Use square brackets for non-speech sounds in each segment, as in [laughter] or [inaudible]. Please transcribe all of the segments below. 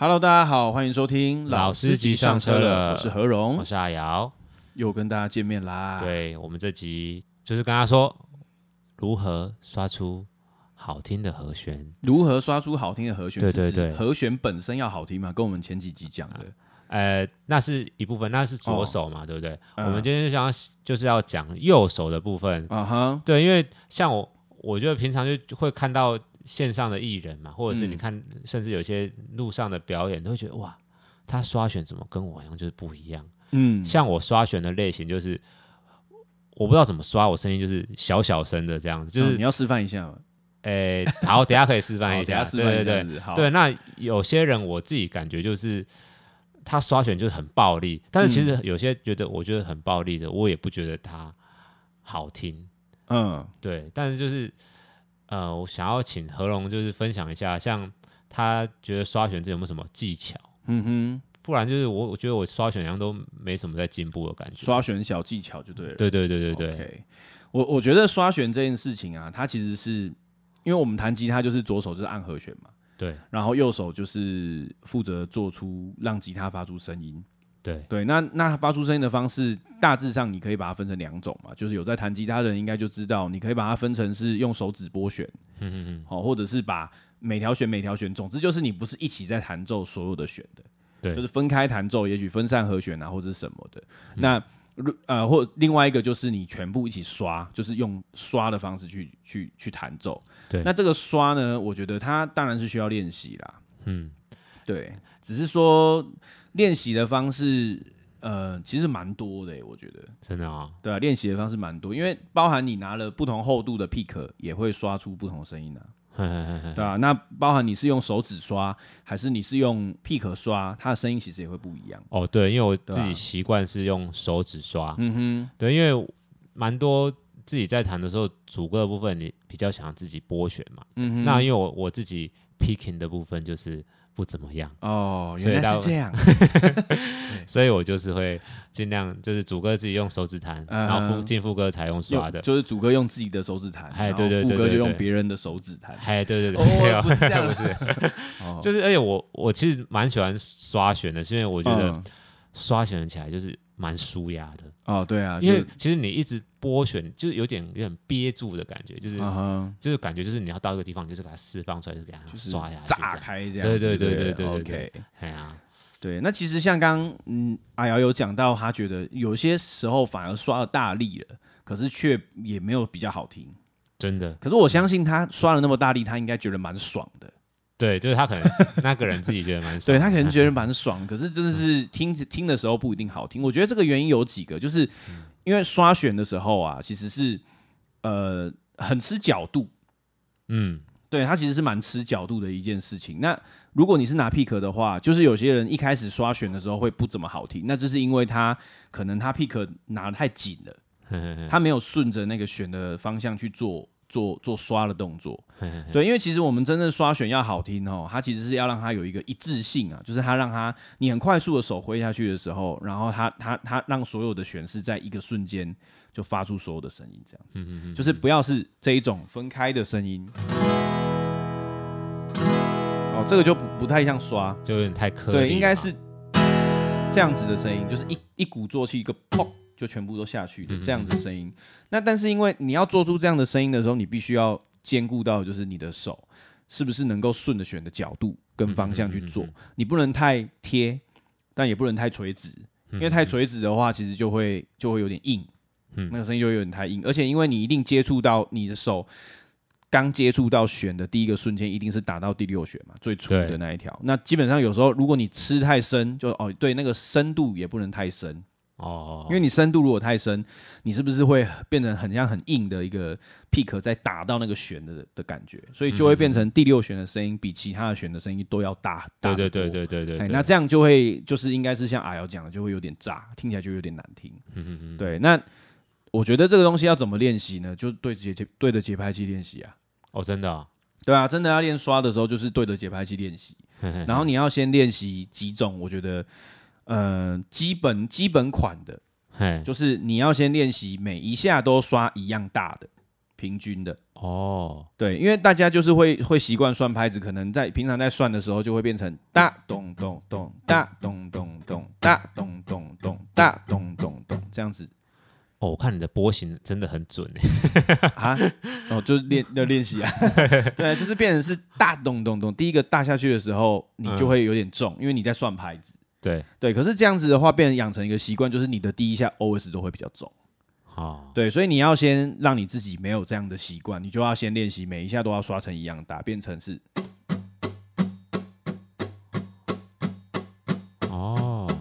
Hello，大家好，歡迎收聽老司機上，上車了。我是和榮，我是阿瑤，又跟大家見面啦。對，我們這集就是跟他說如何刷出好聽的和弦，如何刷出好聽的和弦？對對對，是是和弦本身要好聽嘛，跟我們前幾集講的、啊，呃，那是一部分，那是左手嘛，哦、對不對？我們今天就想要就是要講右手的部分，嗯、對，因為像我，我覺得平常就會看到。線上的藝人嘛，或者是你看，甚至有些路上的表演，嗯、都會覺得哇，他刷弦怎麼跟我一樣就是不一樣。嗯，像我刷弦的類型就是，我不知道怎麼刷，我聲音就是小小聲的這樣子，就是、嗯、你要示範一下。誒、欸，好，等下可以示範一下。對對對，下好，對，那有些人我自己感覺就是，他刷弦就是很暴力，但是其實有些覺得我覺得很暴力的，我也不覺得他好聽。嗯，對，但是就是。呃，我想要請和榮就是分享一下，像他覺得刷弦這有沒有什麼技巧？嗯哼，不然就是我我覺得我刷弦好像都沒什麼在進步的感覺。刷弦小技巧就對了。嗯、對對對對對。Okay、我我覺得刷弦這件事情啊，它其實是因為我們彈吉他就是左手就是按和弦嘛，對，然後右手就是負責做出讓吉他發出聲音。對，那那發出聲音的方式大致上，你可以把它分成兩種嘛，就是有在彈吉他的人應該就知道，你可以把它分成是用手指撥弦，嗯嗯嗯，好，或者是把每條弦、每條弦，總之就是你不是一起在彈奏所有的弦的，對，就是分開彈奏，也許分散和弦啊或者什麼的。嗯、那呃，或另外一個就是你全部一起刷，就是用刷的方式去去去彈奏。對，那這個刷呢，我覺得它當然是需要練習啦，嗯，對，只是說。練習的方式，呃，其實蠻多的。欸，我覺得真的啊，對啊，練習的方式蠻多，因為包含你拿了不同厚度的 pick，也會刷出不同的聲音呢。啊，嘿嘿嘿對啊，那包含你是用手指刷，還是你是用 pick 刷，它的聲音其實也會不一樣。哦，對，因為我自己習慣是用手指刷，啊、嗯哼，對，因為蠻多自己在彈的時候，主歌的部分你比較想要自己撥弦嘛，嗯哼，那因為我我自己 picking 的部分就是。不怎麼樣哦，原來是這樣，所以我就是會盡量就是主歌自己用手指彈，然後副進副歌才用刷的，就是主歌用自己的手指彈，然後副歌就用別人的手指彈。哎對對對，不是這樣不是，就是哎我我其實蠻喜歡刷弦的，是因為我覺得刷弦起來就是。蠻舒壓的哦，對啊，因為其實你一直撥弦，就是有點有點憋住的感覺，就是、啊、哼就是感覺就是你要到這個地方，你就是把它釋放出來，就給它刷呀炸開這樣，這樣對對對對對，OK，對，那其實像剛剛嗯阿瑤、啊、有講到，他覺得有些時候反而刷了大力了，可是卻也沒有比較好聽，真的。可是我相信他刷了那麼大力，他應該覺得蠻爽的。對，就是他可能那個人自己覺得蠻爽的， [laughs] 對，他可能覺得蠻爽，可是真的是聽、嗯、聽的時候不一定好聽。我覺得這個原因有幾個，就是因為刷弦的時候啊，其實是呃很吃角度，嗯，對他其實是蠻吃角度的一件事情。那如果你是拿 pick 的話，就是有些人一開始刷弦的時候會不怎麼好聽，那就是因為他可能他 pick 拿的太緊了，呵呵呵他沒有順着那個弦的方向去做。做做刷的動作，嘿嘿嘿，對，因為其實我們真正刷弦要好聽哦、喔，它其實是要讓它有一個一致性啊，就是它讓它你很快速的手揮下去的時候，然後它它它讓所有的弦是在一個瞬間就發出所有的聲音，這樣子，嗯哼嗯哼嗯，就是不要是這一種分開的聲音，哦、嗯喔，這個就不不太像刷，就有點太刻意、啊，對，應該是這樣子的聲音，就是一一鼓作氣一個砰。就全部都下去的這樣子聲音，那但是因為你要做出這樣的聲音的時候，你必須要兼顧到，就是你的手是不是能夠順着弦的角度跟方向去做，你不能太貼，但也不能太垂直，因為太垂直的話，其實就會就會有點硬，那個聲音就會有點太硬。而且因為你一定接觸到你的手剛接觸到弦的第一個瞬間，一定是打到第六弦嘛，最粗的那一條。對 那基本上有時候如果你吃太深，就哦對，那個深度也不能太深。哦，哦，哦哦，因為你深度如果太深，你是不是會變成很像很硬的一個 pick，在打到那個弦的的感覺，所以就會變成第六弦的聲音比其他的弦的聲音都要大。大對對對對對對，對，對，哎，那這樣就會就是應該是像阿瑤講的，就會有點炸，聽起來就有點難聽。嗯哼哼對，那我覺得這個東西要怎麼練習呢？就對節節對着節拍器練習啊。哦，真的，哦，對啊，真的要練刷的時候就是對着節拍器練習。然後你要先練習幾種，我覺得。呃，基本基本款的，嘿就是你要先練習每一下都刷一樣大的，平均的。哦，對，因為大家就是會會習慣算拍子，可能在平常在算的時候就會變成大咚咚咚，大咚咚咚，大咚咚咚，大咚咚咚這樣子。哦，我看你的波形真的很準啊， [laughs] 哦，就是練要練習啊。 [laughs] 對就是變成是大咚咚咚， [laughs] 第一個大下去的時候，你就會有點重，嗯，因為你在算拍子。對對，可是這樣子的話，變成養成一個習慣，就是你的第一下 OS 都會比較重，啊，oh. 對，所以你要先讓你自己沒有這樣的習慣，你就要先練習每一下都要刷成一樣大，變成是，哦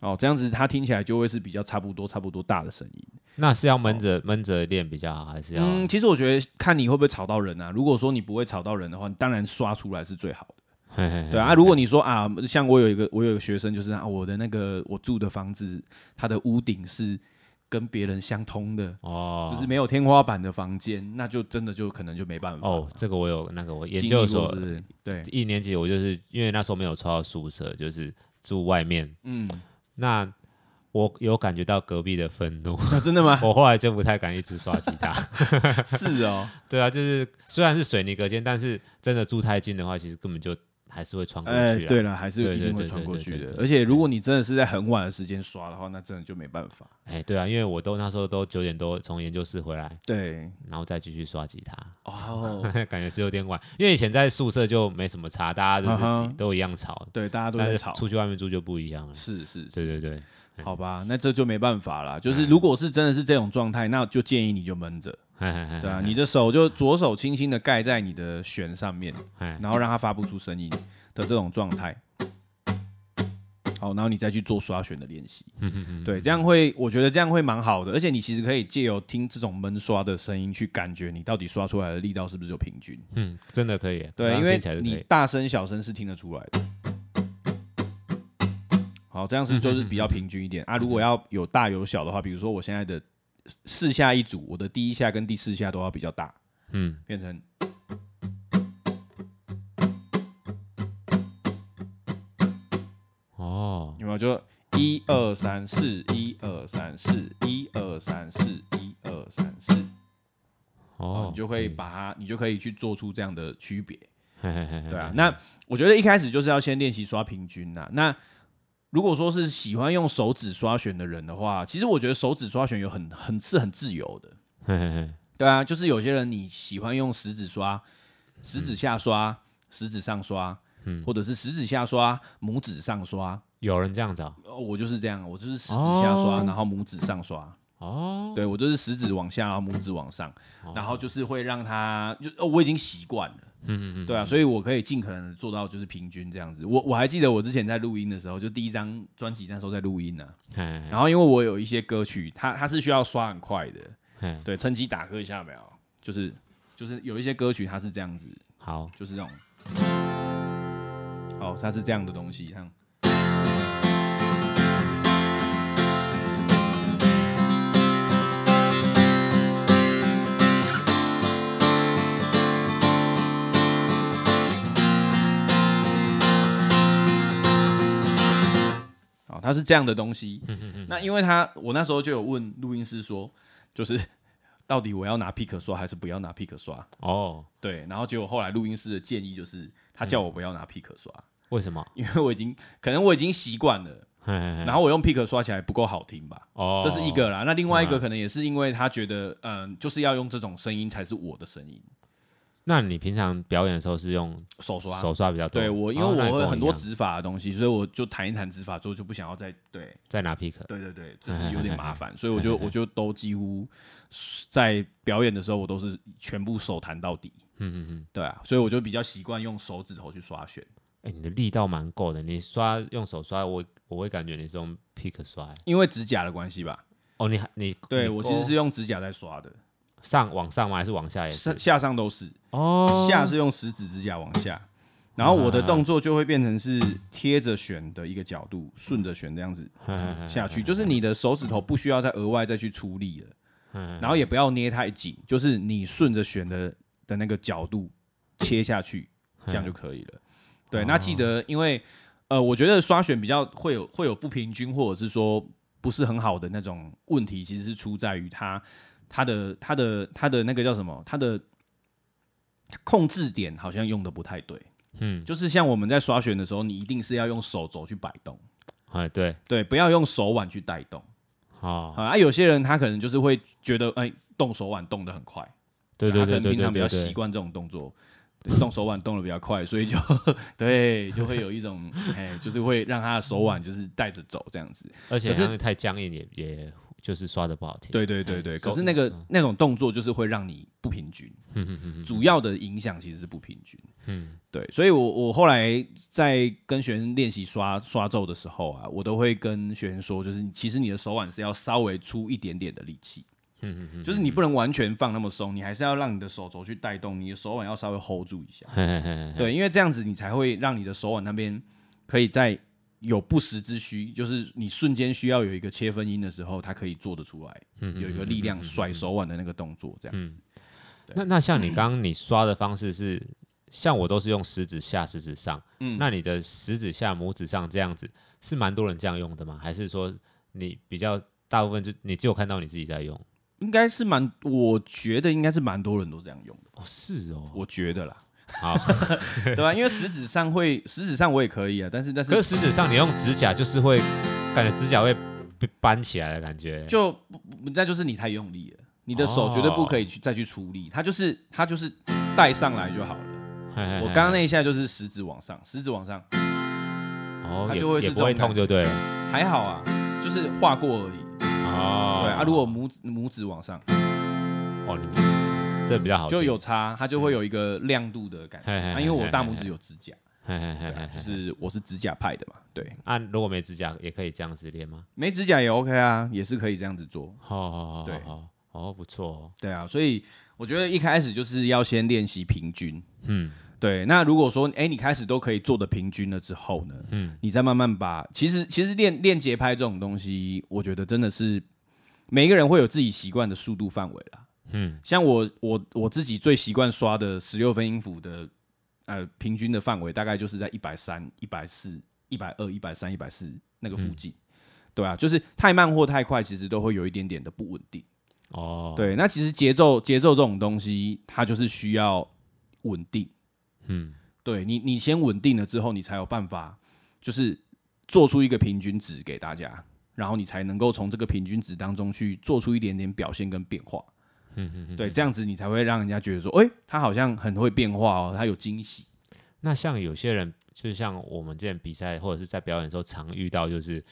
哦，這樣子它聽起來就會是比較差不多差不多大的聲音。那是要悶着悶着練比較好，還是要？嗯，其實我覺得看你會不會吵到人啊。如果說你不會吵到人的話，你當然刷出來是最好的。嘿嘿嘿，對啊， [laughs] 如果你說啊，像我有一個，我有一個學生，就是啊，我的那個我住的房子，它的屋頂是跟別人相通的哦，就是沒有天花板的房間，那就真的就可能就沒辦法哦。這個我有，那個我研究所是不是？對，一年級我就是因為那時候沒有抽到宿舍，就是住外面，嗯，那我有感覺到隔壁的憤怒，啊，真的嗎？我後來就不太敢一直刷吉他， [laughs] 是哦， [laughs] 對啊，就是雖然是水泥隔間，但是真的住太近的話，其實根本就。還是會穿過去。哎，對了，還是有一定會穿過去的。而且如果你真的是在很晚的時間刷的話，那真的就沒辦法。哎，對啊，因為我都那時候都九點多從研究室回來，對，然後再繼續刷吉他。哦，感覺是有點晚。因為以前在宿舍就沒什麼差，大家就是都一樣吵。對，大家都在吵。出去外面住就不一樣了。是是是，對對對。好吧，那這就沒辦法了。就是如果是真的是這種狀態，那就建議你就悶着。嘿嘿嘿對啊，嘿嘿嘿你的手就左手輕輕地蓋在你的弦上面，嘿然後讓它發不出聲音的這種狀態。好，然後你再去做刷弦的練習。嗯嗯對，這樣會，我覺得這樣會蠻好的。而且你其實可以借由聽這種悶刷的聲音，去感覺你到底刷出來的力道是不是有平均。嗯，真的可以。對，因為你大聲小聲是聽得出來的。好，這樣是就是比較平均一點嗯嗯啊。如果要有大有小的話，比如說我現在的。四下一組，我的第一下跟第四下都要比較大，嗯，變成哦，有沒有就一二三四一二三四一二三四一二三四哦，你就可以把它，嘿你就可以去做出這樣的區別， [laughs] 對啊，那我覺得一開始就是要先練習刷平均吶、啊，那。如果說是喜歡用手指刷弦的人的話，其實我覺得手指刷弦有很很是很自由的，嘿嘿嘿對啊，就是有些人你喜歡用食指刷，食指下刷，食指上刷，嗯，或者是食指下刷，拇指上刷，嗯、對有人這樣子啊、喔？我就是這樣，我就是食指下刷，然後拇指上刷，哦，對，我就是食指往下，然後拇指往上，然後就是會讓他，就、哦、我已經習慣了。嗯嗯嗯， [music] 對啊，所以我可以盡可能做到就是平均這樣子。我我還記得我之前在錄音的時候，就第一張專輯那時候在錄音呢、啊。嘿嘿然後因為我有一些歌曲，它它是需要刷很快的。嘿對，趁機打歌一下沒有？就是就是有一些歌曲它是這樣子，好，就是這種。好、哦，它是這樣的東西，這樣。它是這樣的東西， [laughs] 那因為他我那時候就有問錄音師說，就是到底我要拿 pick 刷還是不要拿 pick 刷？哦，oh. 對，然後結果後來錄音師的建議就是，他叫我不要拿 pick 刷、嗯，為什麼？因為我已經可能我已經習慣了，hey, hey, hey. 然後我用 pick 刷起來不夠好聽吧？哦，oh. 這是一個啦，那另外一個可能也是因為他覺得，嗯、uh huh. 呃，就是要用這種聲音才是我的聲音。那你平常表演的時候是用手刷？手刷比較多。對，我因為我有很多指法的東西，所以我就彈一彈指法之後就不想要再對再拿 pick。對對對，就是有點麻煩，嘿嘿嘿嘿，所以我就嘿嘿嘿，我就都幾乎在表演的時候，我都是全部手彈到底。嗯嗯嗯，對啊，所以我就比較習慣用手指頭去刷弦。哎、欸，你的力道蠻夠的，你刷用手刷，我我會感覺你是用 pick 刷，因為指甲的關係吧？哦，你還你對，我其實是用指甲在刷的。上往上嗎？還是往下也是？下，下上都是哦。Oh、下是用食指指甲往下，然後我的動作就會變成是貼着弦的一個角度，順着弦這樣子、嗯、 [laughs] 下去，就是你的手指頭不需要再額外再去出力了， [laughs] 然後也不要捏太緊，就是你順着弦的的那個角度切下去，這樣就可以了。 [laughs] 對，那記得，因為呃，我覺得刷弦比較會有會有不平均，或者是說不是很好的那種問題，其實是出在於它。他的他的他的那個叫什麼？他的控制點好像用的不太對。嗯，就是像我們在刷弦的時候，你一定是要用手肘去擺動。哎，對對，不要用手腕去帶動。啊、哦、啊，有些人他可能就是會覺得，哎、欸，動手腕動的很快。對，他可能平常比較習慣這種動作，動手腕動的比較快， [laughs] 所以就對，就會有一種哎， [laughs] 就是會讓他的手腕就是帶着走這樣子。而且是太僵硬也是也。就是刷的不好聽，對對對對，嗯、可是那個刷刷那種動作就是會讓你不平均， [laughs] 主要的影響其實是不平均， [laughs] 對，所以我我後來在跟學員練習刷刷奏的時候啊，我都會跟學員說，就是其實你的手腕是要稍微出一點點的力氣， [laughs] 就是你不能完全放那麼鬆，你還是要讓你的手肘去帶動，你的手腕要稍微 hold 住一下， [laughs] 對，因為這樣子你才會讓你的手腕那邊可以在。有不時之需，就是你瞬間需要有一個切分音的時候，它可以做得出來，嗯嗯，有一個力量甩手腕的那個動作這樣子。嗯、對那那像你剛剛你刷的方式是，像我都是用食指下，食指上。嗯，那你的食指下，拇指上這樣子是蠻多人這樣用的嗎？還是說你比較大部分就你只有看到你自己在用？應該是蠻，我覺得應該是蠻多人都這樣用的。哦是哦，我覺得啦。好， [laughs] 對吧、啊？因為食指上會，食指上我也可以啊，但是但是，可是食指上你用指甲就是會感覺指甲會被扳起來的感覺就，就再就是你太用力了，你的手絕對不可以去、哦、再去出力，它就是它就是帶上來就好了。嘿嘿嘿，我剛剛那一下就是食指往上，食指往上，哦、它就會是也是不會痛就對了，還好啊，就是劃過而已啊。哦、對，啊，如果拇指拇指往上，哦，你。這比較好，就有差，它就會有一個亮度的感覺。那、啊、因為我大拇指有指甲嘿嘿嘿，對、啊，就是我是指甲派的嘛。對，按、啊、如果沒指甲也可以這樣子練嗎？沒指甲也 OK 啊，也是可以這樣子做。好、哦，好，好，對，好，哦，不錯、哦。對啊，所以我覺得一開始就是要先練習平均。嗯，對。那如果說哎、欸，你開始都可以做的平均了之後呢？嗯，你再慢慢把。其實，其實練練節拍這種東西，我覺得真的是每個人會有自己習慣的速度範圍啦。嗯，像我我我自己最習慣刷的十六分音符的，呃，平均的範圍大概就是在一百三、一百四、一百二、一百三、一百四那個附近，嗯、對啊，就是太慢或太快，其實都會有一點點的不穩定。哦，對，那其實節奏節奏這種東西，它就是需要穩定。嗯對，對你你先穩定了之後，你才有辦法，就是做出一個平均值給大家，然後你才能夠從這個平均值當中去做出一點點表現跟變化。嗯哼嗯哼對，這樣子你才會讓人家覺得說，哎、欸，他好像很會變化哦，他有驚喜。那像有些人，就是像我們之前比賽或者是在表演的時候常遇到，就是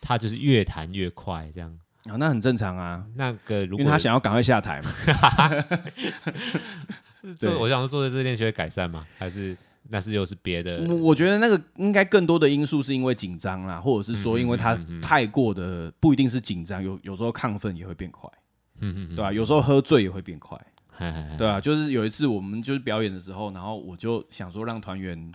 他就是越彈越快，這樣啊、哦，那很正常啊。那個如果，因為他想要趕快下台嘛。哈哈對，我想說，做的這些練習會改善嗎？還是那是又是別的？我覺得那個應該更多的因素是因為緊張啦，或者是說因為他太過的不一定是緊張，嗯哼嗯哼有有時候亢奮也會變快。嗯嗯，對啊，有時候喝醉也會變快，嘿嘿嘿對啊，就是有一次我們就是表演的時候，然後我就想說讓團員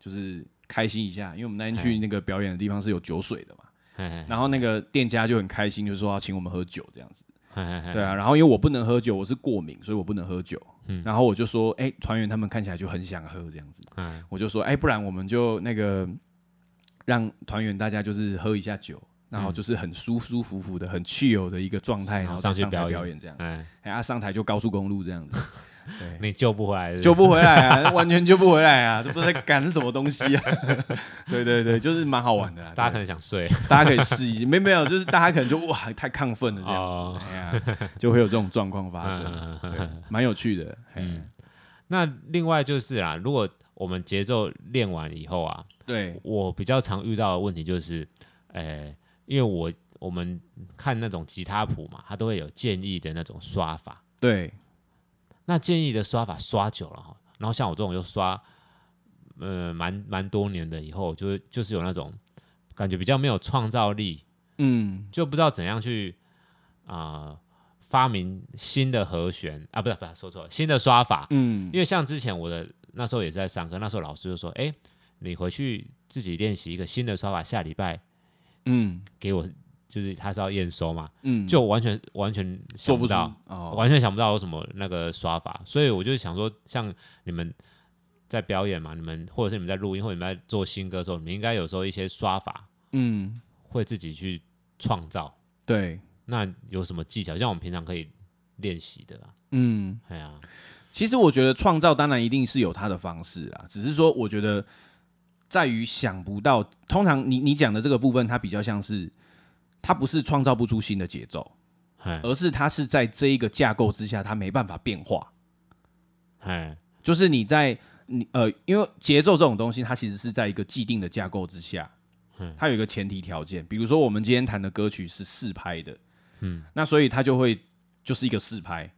就是開心一下，因為我們那天去那個表演的地方是有酒水的嘛。嘿嘿嘿嘿然後那個店家就很開心，就說要請我們喝酒這樣子。嘿嘿嘿對啊，然後因為我不能喝酒，我是過敏，所以我不能喝酒。嗯、然後我就說，哎、欸，團員他們看起來就很想喝這樣子。嘿嘿我就說，哎、欸，不然我們就那個讓團員大家就是喝一下酒。然後就是很舒舒服服的，很 chill 的一個狀態，然後上去表表演這樣。哎，等下上台就高速公路這樣子。對，你救不回來，救不回來啊！完全救不回來啊！這不是在趕什麼東西啊？對對對，就是蠻好玩的。大家可能想睡，大家可以試一試。沒沒有，就是大家可能就哇，太亢奮了這樣子，就會有這種狀況發生。蠻有趣的。嗯。那另外就是啊，如果我們節奏練完以後啊，對我比較常遇到的問題就是，誒因為我我們看那種吉他譜嘛，它都會有建議的那種刷法。對，那建議的刷法刷久了哈，然後像我這種就刷，嗯，蠻蠻多年的，以後就就是有那種感覺比較沒有創造力，嗯，就不知道怎樣去啊，呃，發明新的和弦啊，不是，不是說錯了，新的刷法，嗯，因為像之前我的那時候也是在上課，那時候老師就說，哎，欸，你回去自己練習一個新的刷法，下禮拜。嗯，給我就是他是要驗收嘛，嗯，就完全完全想不到，完全想不到有什麼那個刷法，哦、所以我就想說，像你們在表演嘛，你們或者是你們在錄音，或者你們在做新歌的時候，你們應該有時候一些刷法，嗯，會自己去創造、嗯，對，那有什麼技巧？像我們平常可以練習的啦，嗯，哎呀、啊，其實我覺得創造當然一定是有它的方式啦，只是說我覺得。在於想不到，通常你你講的這個部分，它比較像是，它不是創造不出新的節奏，Hey. 而是它是在這一個架構之下，它沒辦法變化。Hey. 就是你在你呃，因為節奏這種東西，它其實是在一個既定的架構之下，Hey. 它有一個前提條件。比如說我們今天彈的歌曲是四拍的，嗯，那所以它就會就是一個四拍，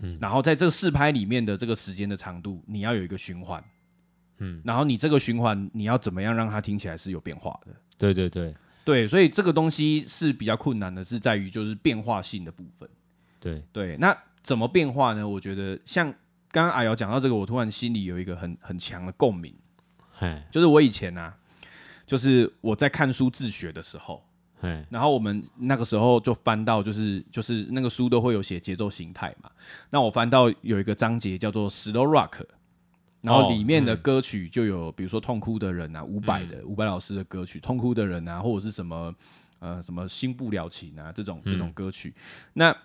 嗯，然後在這個四拍裡面的這個時間的長度，你要有一個循環。嗯，然後你這個循環你要怎麼樣讓它聽起來是有變化的？對對對對，所以這個東西是比較困難的，是在於就是變化性的部分。對對，那怎麼變化呢？我覺得像剛剛阿瑤講到這個，我突然心裡有一個很很強的共鳴。嘿 就是我以前呢、啊，就是我在看書自學的時候，嘿 然後我們那個時候就翻到就是就是那個書都會有寫節奏形態嘛，那我翻到有一個章節叫做 Slow Rock。然後裡面的歌曲就有，比如說《痛哭的人》啊，伍佰，哦嗯、的伍佰老師的歌曲，嗯《痛哭的人》啊，或者是什麼呃什麼《新不了情》啊，這種、嗯、這種歌曲。那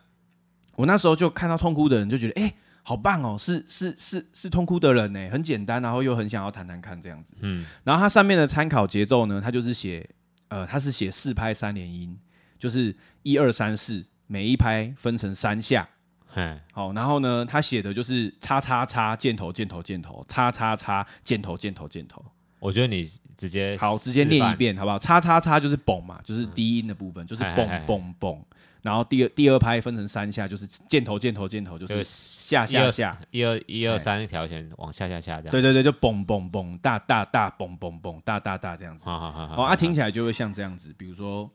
我那時候就看到《痛哭的人》，就覺得哎、欸，好棒哦，喔，是是是是是是《痛哭的人》欸呢，很簡單，然後又很想要彈彈看這樣子。嗯。然後它上面的參考節奏呢，它就是寫呃，它是寫四拍三連音，就是一二三四，每一拍分成三下。嗯，好嘿、哦，然後呢，他寫的就是叉叉叉箭頭箭頭箭頭叉叉叉箭頭箭頭箭頭。我覺得你直接好，直接念一遍好不好？叉叉叉就是嘣嘛，就是低音的部分，嗯、就是嘣嘣嘣。然後第二第二拍分成三下，就是箭頭箭頭箭頭，就是下下下，一二，下一,二一二一二三條線嘿往下下下對對對，就嘣嘣嘣大大大嘣嘣嘣大大大這樣子。好好好，好、哦，啊，聽起來就會像這樣子。比如說，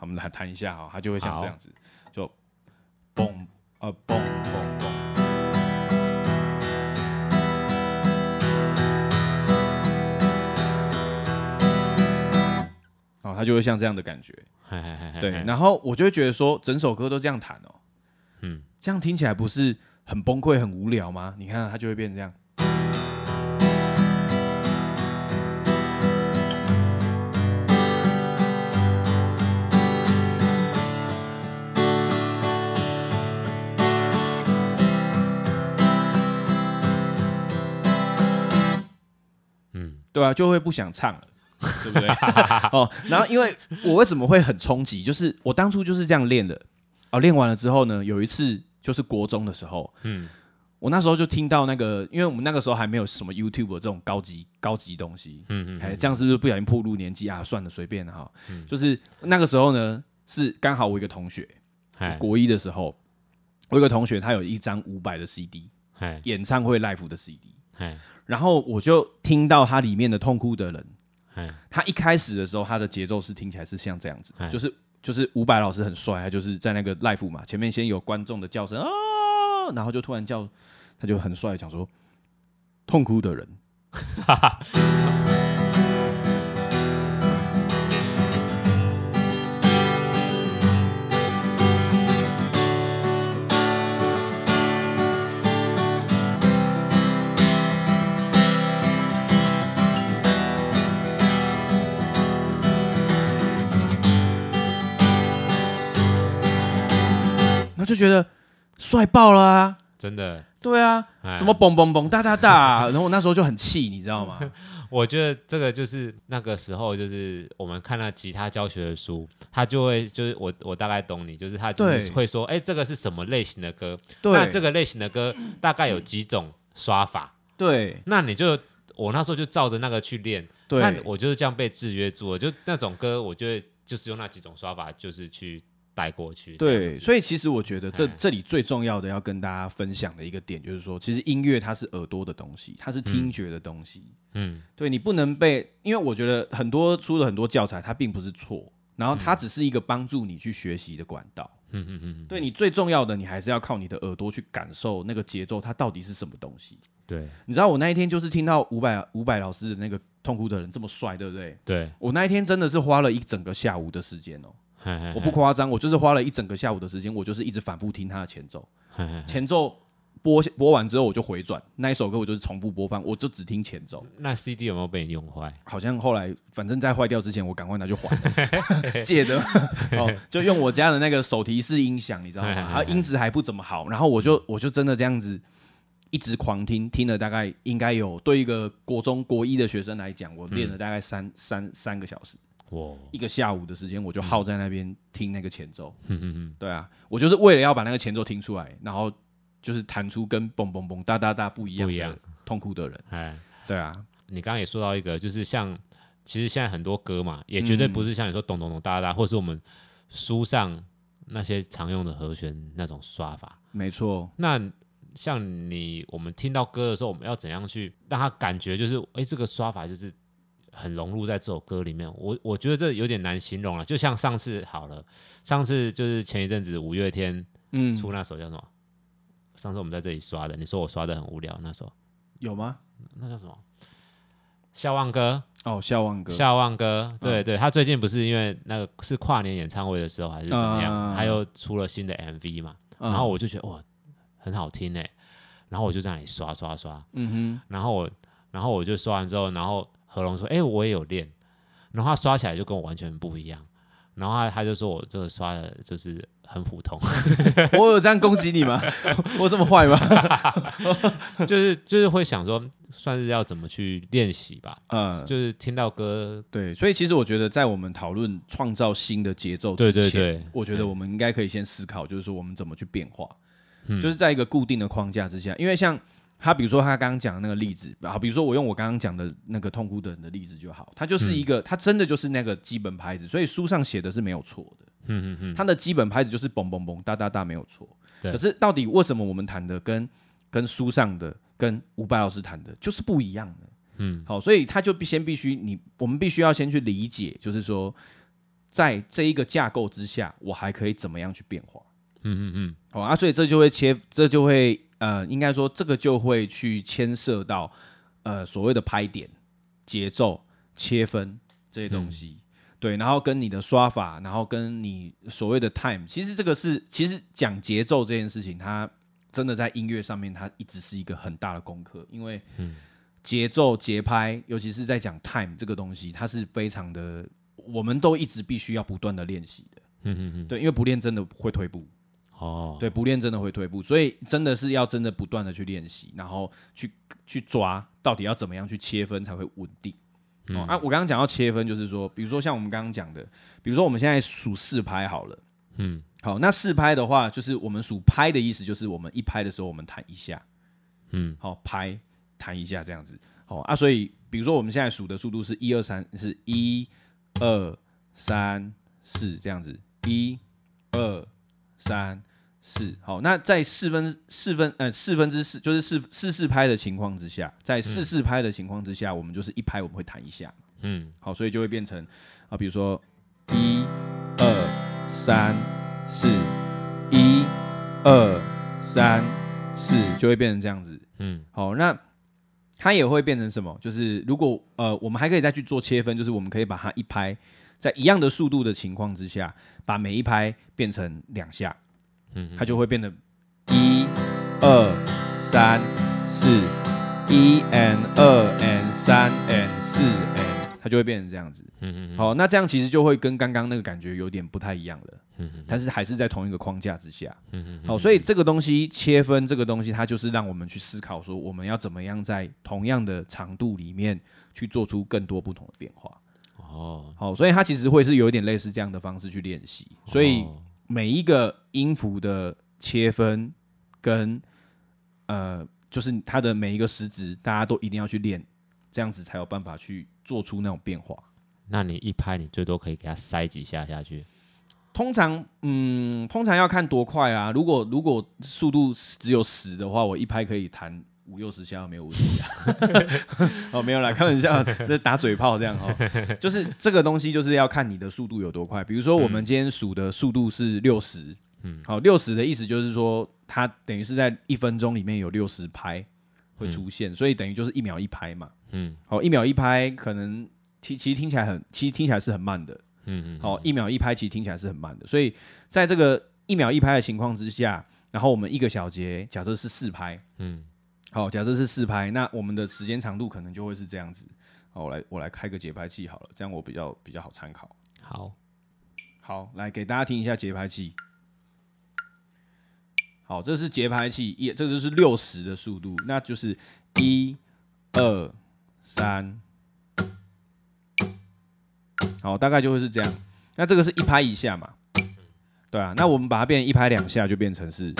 我們來彈一下哈，他就會像這樣子，就嘣。啊嘣嘣嘣！呃、蹦蹦蹦哦，他就會像這樣的感覺， [music] 對。 [music] 然後我就會覺得說，整首歌都這樣彈哦，嗯， [music] 這樣聽起來不是很崩潰、很無聊嗎？你看，他就會變成這樣。對啊，就會不想唱了，對不對？ [laughs] 哦，然後因為我為什麼會很衝擊，就是我當初就是這樣練的。哦，練完了之後呢，有一次就是國中的時候，嗯，我那時候就聽到那個，因為我們那個時候還沒有什麼 YouTube 這種高級高級東西，嗯，嗯嗯，哎，這樣是不是不小心暴露年紀啊？算了，隨便哈。哦嗯、就是那個時候呢，是剛好我一個同學，嘿國一的時候，我有個同學他有一張五百的 CD，嘿演唱會 live 的 CD，然後我就聽到他裡面的痛哭的人，嘿他一開始的時候，他的節奏是聽起來是像這樣子，嘿就是就是伍佰老師很帥，他就是在那個 live 嘛，前面先有觀眾的叫聲啊，然後就突然叫，他就很帥講說，痛哭的人。 [laughs] 就覺得帥爆了！啊，真的，對啊，嗯、什麼嘣嘣嘣、噠噠噠， [laughs] 然後我那時候就很氣，你知道嗎？我覺得這個就是那個時候，就是我們看了吉他教學的書，他就會就是我我大概懂你，就是他就會說，哎對、欸，這個是什麼類型的歌？對那這個類型的歌大概有幾種刷法？對，那你就我那時候就照着那個去練，對那我就是這樣被制約住了，我就那種歌，我就會就是用那幾種刷法，就是去。帶過去，對，就是、所以其實我覺得這嘿這裡最重要的要跟大家分享的一個點，就是說，其實音樂它是耳朵的東西，它是聽覺的東西，嗯，對，你不能被，因為我覺得很多出了很多教材，它並不是錯，然後它只是一個幫助你去學習的管道，嗯嗯嗯，對你最重要的，你還是要靠你的耳朵去感受那個節奏，它到底是什麼東西，對，你知道我那一天就是聽到伍佰伍佰老師的那個痛哭的人這麼帥，對不對？對我那一天真的是花了一整個下午的時間哦、喔。嘿嘿嘿，我不誇張，我就是花了一整個下午的時間，我就是一直反覆聽它的前奏，嘿嘿嘿，前奏播播完之後我就回轉那一首歌，我就是重複播放，我就只聽前奏。那 CD 有沒有被你用壞？好像後來，反正在壞掉之前，我趕快拿去還借 [laughs] [laughs] 的嗎， [laughs] 哦，就用我家的那個手提式音響，你知道嗎？它音質還不怎麼好，然後我就我就真的這樣子一直狂聽，聽了大概，應該有，對一個國中國一的學生來講，我練了大概三、嗯、三三個小時。我一個下午的時間，我就耗在那邊聽那個前奏。哼哼哼，對啊，我就是為了要把那個前奏聽出來，然後就是彈出跟嘣嘣嘣噠噠噠不一，不一樣、不一樣痛苦的人。哎唉，對啊，你剛剛也說到一個，就是像其實現在很多歌嘛，也絕對不是像你說咚咚咚噠噠，或是我們書上那些常用的和絃那種刷法。沒錯錯，那像你，我們聽到歌的時候，我們要怎樣去讓他感覺就是，哎、欸，這個刷法就是。很融入在這首歌裡面，我我覺得這有點難形容了。就像上次好了，上次就是前一陣子五月天、嗯、出那首叫什麼？上次我們在這裡刷的，你說我刷得很無聊，那首有嗎？那叫什麼？笑忘歌哦，笑忘歌，笑忘歌。對、嗯、對，他最近不是因為那個是跨年演唱會的時候還是怎麼樣，他、嗯、又出了新的 MV 嘛。嗯、然後我就覺得哇，很好聽呢、欸。然後我就在那裡刷刷刷，嗯哼。然後我，然後我就刷完之後，然後。和榮說：“哎、欸，我也有練，然後他刷起來就跟我完全不一樣。然後他，他就說我這個刷的就是很普通。 [laughs] 我有這樣攻擊你嗎？ [laughs] 我這麼壞嗎？ [laughs] 就是就是會想說，算是要怎麼去練習吧。嗯，就是聽到歌。對，所以其實我覺得，在我們討論創造新的節奏之前，對對對，我覺得我們應該可以先思考，就是說我們怎麼去變化，嗯、就是在一個固定的框架之下，因為像。”他比如說他剛剛講的那個例子，好，比如說我用我剛剛講的那個痛苦的人的例子就好，它就是一個，它、嗯、真的就是那個基本拍子，所以書上寫的是沒有錯的，嗯嗯嗯，它的基本拍子就是嘣嘣嘣噠噠噠，沒有錯。對可是到底為什麼我們彈的跟跟書上的跟伍佰老師彈的就是不一樣的？嗯，好，所以他就必先必須你我們必須要先去理解，就是說，在這一個架構之下，我還可以怎麼樣去變化？嗯嗯嗯。好啊，所以這就會切，這就會。呃，應該說這個就會去牽涉到，呃，所謂的拍點、節奏、切分這些東西，嗯、對，然後跟你的刷法，然後跟你所謂的 time，其實這個是，其實講節奏這件事情，它真的在音樂上面，它一直是一個很大的功課，因為節奏、節拍，尤其是在講 time 這個東西，它是非常的，我們都一直必須要不斷的練習的，嗯嗯嗯，對，因為不練真的會退步。哦，對，不練真的會退步，所以真的是要真的不斷的去練習，然後去去抓到底要怎麼樣去切分才會穩定。嗯、哦，啊，我剛剛講到切分，就是說，比如說像我們剛剛講的，比如說我們現在數四拍好了，嗯，好、哦，那四拍的話，就是我們數拍的意思，就是我們一拍的時候我們彈一下，嗯，好、哦、拍彈一下這樣子，好、哦、啊，所以比如說我們現在數的速度是一二三，是一二三四這樣子，一二三。是，好，那在四分四分呃四分之四就是四四四拍的情況之下，在四四拍的情況之下，嗯、我們就是一拍我們會彈一下，嗯，好，所以就會變成啊，比如說一二三四，一二三四，就會變成這樣子，嗯，好，那它也會變成什麼？就是如果呃，我們還可以再去做切分，就是我們可以把它一拍，在一樣的速度的情況之下，把每一拍變成兩下。它就會變成一、二、三、四，一 and 二 and 三 and 四，它就會變成這樣子。嗯嗯，好，那這樣其實就會跟剛剛那個感覺有點不太一樣了。嗯嗯，但是還是在同一個框架之下。嗯嗯，好，所以這個東西切分這個東西，它就是讓我們去思考說，我們要怎麼樣在同樣的長度裡面去做出更多不同的變化。哦，好，所以它其實會是有一點類似這樣的方式去練習。所以。每一個音符的切分跟，跟呃，就是它的每一個時值，大家都一定要去練，這樣子才有辦法去做出那種變化。那你一拍，你最多可以給它塞幾下下去？通常，嗯，通常要看多快啊。如果如果速度只有十的話，我一拍可以彈。五六十下沒有五十下，哦，沒有啦，開玩笑，這打嘴炮這樣、哦、就是這個東西就是要看你的速度有多快。比如說我們今天數的速度是六十，嗯，好、哦，六十的意思就是說它等於是在一分鐘裡面有六十拍會出現，嗯、所以等於就是一秒一拍嘛，嗯，好、哦，一秒一拍可能其其實聽起來很，其實聽起來是很慢的，嗯嗯,嗯嗯，好、哦，一秒一拍其實聽起來是很慢的，所以在這個一秒一拍的情況之下，然後我們一個小節假設是四拍，嗯。好，假設是四拍，那我們的時間長度可能就會是這樣子。好，我來我來開個節拍器好了，這樣我比較比較好參考。好，好，來給大家聽一下節拍器。好，這是節拍器也，這就是六十的速度，那就是一二三。好，大概就會是這樣。那這個是一拍一下嘛？對啊，那我們把它變成一拍兩下，就變成是。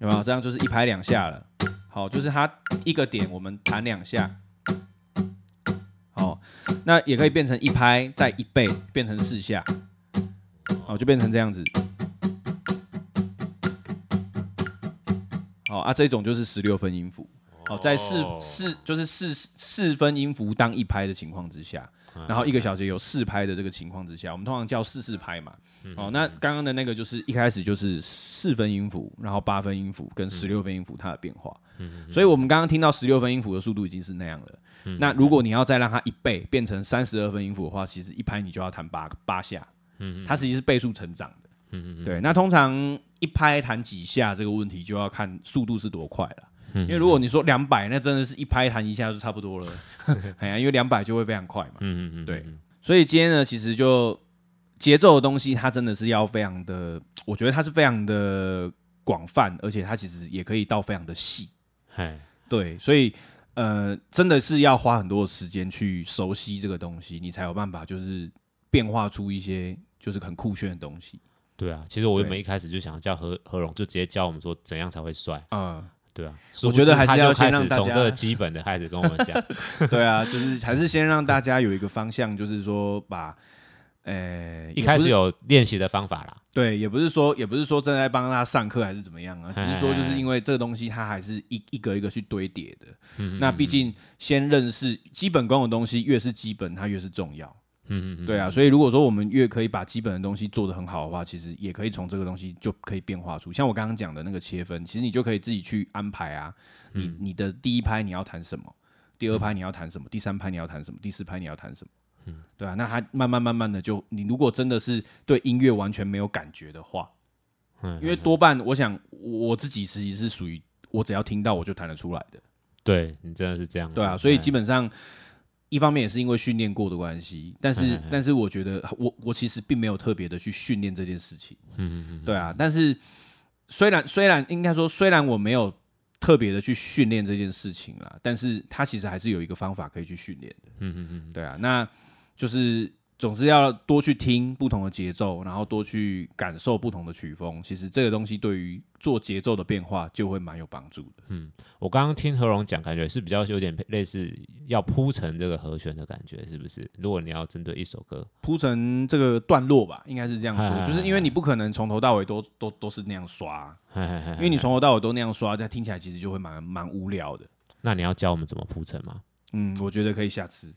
有沒有這樣就是一拍兩下了？好，就是它一個點我們彈兩下。好，那也可以變成一拍再一倍，變成四下。好，就變成這樣子。好啊，這種就是十六分音符。哦，在四、oh. 四就是四四分音符當一拍的情況之下，然後一個小節有四拍的這個情況之下，Okay. 我們通常叫四四拍嘛。哦，嗯、哼哼那剛剛的那個就是一開始就是四分音符，然後八分音符跟十六分音符它的變化。嗯、哼哼，所以我們剛剛聽到十六分音符的速度已經是那樣了。嗯、哼哼那如果你要再讓它一倍變成三十二分音符的話，其實一拍你就要彈八八下。嗯，它實際是倍數成長的。嗯哼哼。對，那通常一拍彈幾下這個問題就要看速度是多快了。因為如果你說兩百、嗯哼，那真的是一拍彈一下就差不多了。哎呀，因為兩百就會非常快嘛。嗯哼嗯嗯。對，所以今天呢，其實就節奏的東西，它真的是要非常的，我覺得它是非常的廣泛，而且它其實也可以到非常的細。嘿對，所以呃，真的是要花很多時間去熟悉這個東西，你才有辦法就是變化出一些就是很酷炫的東西。對啊，其實我們一開始就想叫和對和榮，就直接教我們說怎樣才會帥。呃對啊，我覺得還是要先讓大家從這個基本的開始跟我們講。 [laughs] 對啊，就是還是先讓大家有一個方向，就是說把，欸、一開始有練習的方法啦。對，也不是說也不是說正在幫他上課還是怎麼樣啊，只是說就是因為這個東西，它還是一一個一個去堆疊的。嗯嗯嗯嗯。那畢竟先認識基本功的東西，越是基本，它越是重要。嗯嗯，嗯嗯，對啊，所以如果說我們越可以把基本的東西做得很好的話，其實也可以從這個東西就可以變化出，像我剛剛講的那個切分，其實你就可以自己去安排啊，你你的第一拍你要彈什麼，第二拍你要彈什麼，第三拍你要彈什麼，第四拍你要彈什麼，嗯，對啊，那他慢慢慢慢的就，你如果真的是對音樂完全沒有感覺的話，嗯，因為多半我想我自己其實是屬於我只要聽到我就彈得出來的，對，你真的是這樣，對啊，所以基本上。一方面也是因為訓練過的關係，但是嘿嘿嘿，但是我覺得我我其實並沒有特別的去訓練這件事情，嗯嗯嗯，對啊。但是雖然雖然應該說，雖然我沒有特別的去訓練這件事情啦，但是他其實還是有一個方法可以去訓練的，嗯嗯嗯，對啊。那就是。總是要多去聽不同的節奏，然後多去感受不同的曲風。其實這個東西對於做節奏的變化就會蠻有幫助的。嗯，我剛剛聽和榮講，感覺是比較有點類似要鋪成這個和弦的感覺，是不是？如果你要針對一首歌鋪成這個段落吧，應該是這樣說，嘿嘿嘿就是因為你不可能從頭到尾都都都是那樣刷，嘿嘿嘿因為你從頭到尾都那樣刷，它聽起來其實就會蠻蠻無聊的。那你要教我們怎麼鋪成嗎？嗯，我覺得可以下次，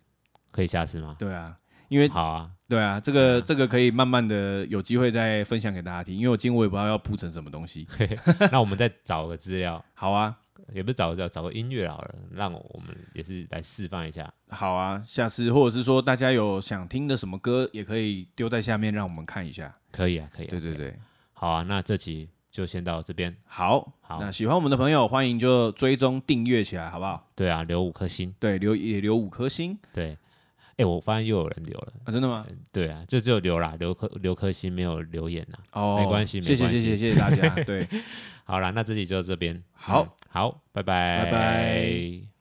可以下次嗎？對啊。因為好啊，對啊，這個這個可以慢慢的有機會再分享給大家聽，因為我今天我也不知道要鋪成什麼東西，那我們再找個資料，好啊，也不是找個資料找個音樂好了，讓我們也是來示範一下，好啊，下次或者是說大家有想聽的什麼歌，也可以丟在下面讓我們看一下，可以啊，可以啊，對對對，好啊，那這期就先到這邊，好，那喜歡我們的朋友，歡迎就追蹤訂閱起來，好不好？對啊，留五顆星，對，留也留五顆星，對。哎，我發現又有人留了，啊、真的嗎、嗯？對啊，就只有留啦，劉科劉科鑫沒有留言啦，哦、沒關係，沒關係謝謝沒關係謝謝謝謝大家， [laughs] 對，好啦，那這集就到這邊，好、嗯，好，拜拜，拜拜。拜拜。